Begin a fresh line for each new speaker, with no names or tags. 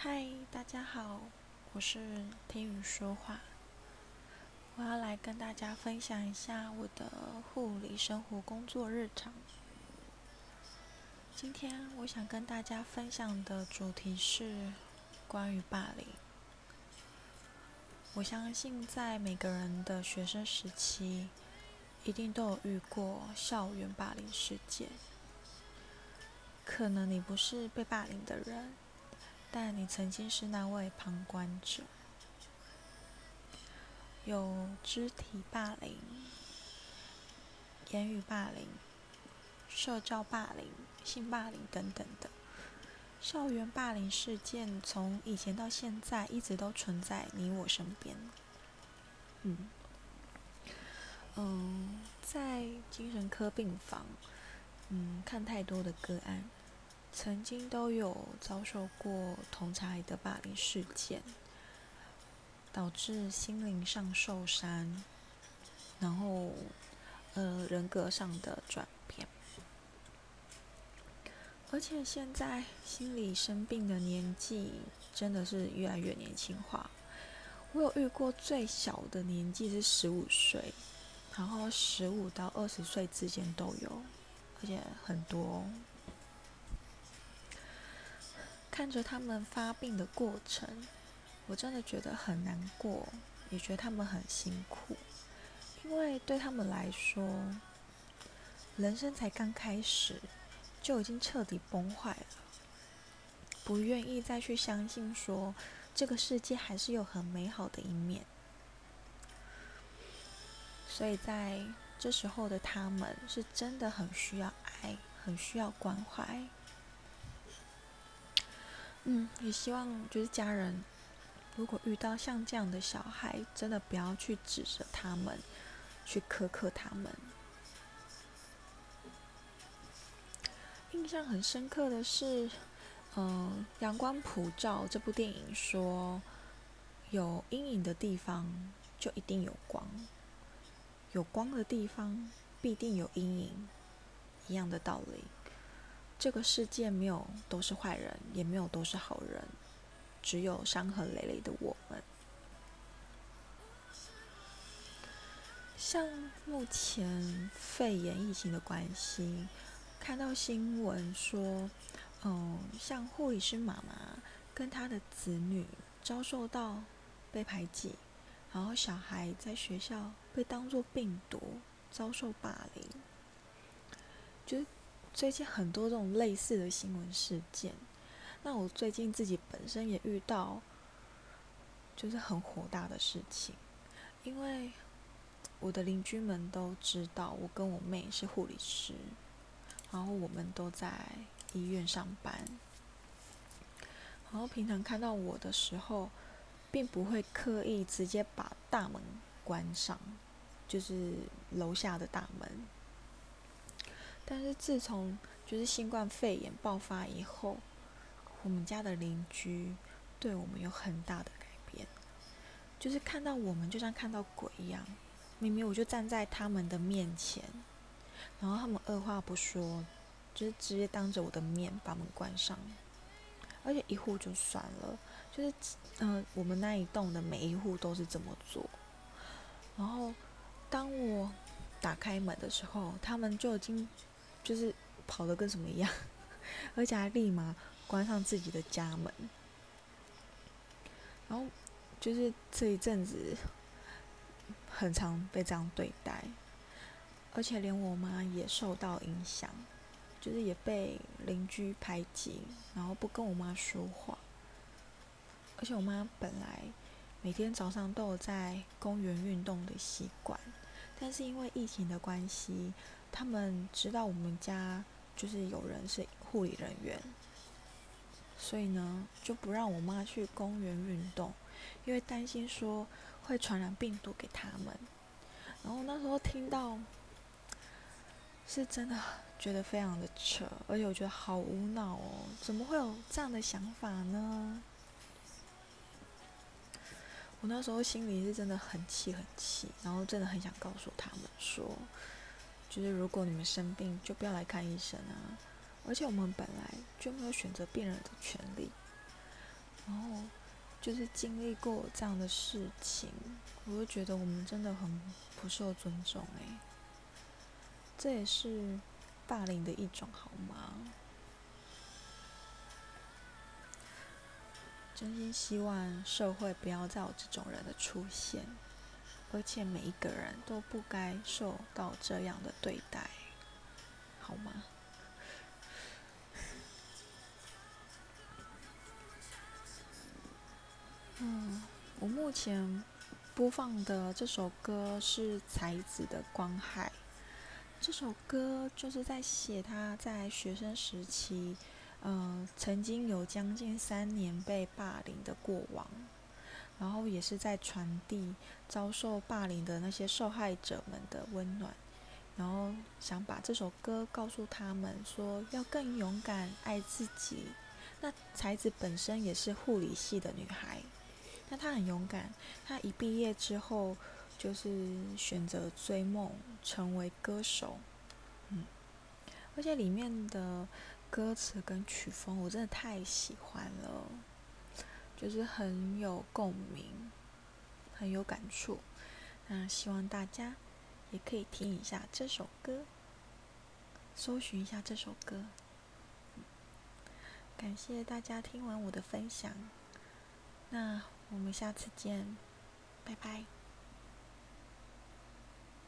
嗨，大家好，我是聽雨說話。我要來跟大家分享一下我的護理生活工作日常。今天我想跟大家分享的主題是關於霸凌。我相信在每個人的學生時期，一定都有遇過校園霸凌事件。可能你不是被霸凌的人。但你曾經是那位旁觀者，有肢體霸凌、言語霸凌、社交霸凌、性霸凌等等的校園霸凌事件，從以前到現在一直都存在你我身邊。嗯嗯，在精神科病房，嗯，看太多的個案。曾經都有遭受過同儕的霸凌事件，導致心靈上受傷，然後，呃，人格上的轉變。而且現在心理生病的年紀真的是越來越年輕化。我有遇過最小的年紀是十五歲，然後十五到二十歲之間都有，而且很多。看着他們發病的過程，我真的覺得很難過，也覺得他們很辛苦，因為對他們來說，人生才剛開始就已經徹底崩壞了，不願意再去相信說這個世界還是有很美好的一面，所以在這時候的他們，是真的很需要愛，很需要關懷。嗯，也希望就是家人，如果遇到像這樣的小孩，真的不要去指責他們，去苛刻他們。印象很深刻的是，嗯、呃，《陽光普照》這部電影說，有陰影的地方就一定有光，有光的地方必定有陰影，一樣的道理。這個世界沒有都是壞人，也沒有都是好人，只有傷痕累累的我們。像目前肺炎疫情的關係，看到新聞說，嗯，像護理師媽媽跟她的子女遭受到被排擠，然後小孩在學校被當作病毒遭受霸凌，就是。最近很多這種類似的新聞事件，那我最近自己本身也遇到，就是很火大的事情，因為我的鄰居們都知道我跟我妹是護理師，然後我們都在醫院上班，然後平常看到我的時候，並不會刻意直接把大門關上，就是樓下的大門。但是自從就是新冠肺炎爆發以後，我們家的鄰居對我們有很大的改變，就是看到我們就像看到鬼一樣。明明我就站在他們的面前，然後他們二話不說，就是直接當着我的面把門關上。而且一戶就算了，就是嗯、呃，我們那一棟的每一戶都是這麼做。然後當我打開門的時候，他們就已經。就是跑得跟什麼一樣，而且還立馬關上自己的家門。然後就是這一陣子，很常被這樣對待，而且連我媽也受到影響，就是也被鄰居排擠，然後不跟我媽說話。而且我媽本來每天早上都有在公園運動的習慣，但是因為疫情的關係。他們知道我們家就是有人是護理人員，所以呢就不讓我媽去公園運動，因為擔心說會傳染病毒給他們。然後那時候聽到，是真的覺得非常的扯，而且我覺得好無腦哦，怎麼會有這樣的想法呢？我那時候心裡是真的很氣很氣，然後真的很想告訴他們說。就是如果你們生病，就不要來看醫生啊！而且我們本來就沒有選擇病人的權利，然後就是經歷過這樣的事情，我就覺得我們真的很不受尊重誒、欸，這也是霸凌的一種好嗎？真心希望社會不要再有這種人的出現。而且每一個人都不該受到這樣的對待，好嗎？嗯，我目前播放的這首歌是采子的《光害》，這首歌就是在寫他在學生時期，嗯、呃，曾經有將近三年被霸凌的過往。然後也是在傳遞遭受霸凌的那些受害者們的溫暖，然後想把這首歌告訴他們，說要更勇敢，愛自己。那采子本身也是護理系的女孩，那她很勇敢，她一畢業之後就是選擇追夢，成為歌手。嗯，而且裡面的歌詞跟曲風我真的太喜歡了。就是很有共鳴，很有感觸。那希望大家也可以聽一下這首歌，搜尋一下這首歌。嗯，感謝大家聽完我的分享，那我們下次見，拜拜。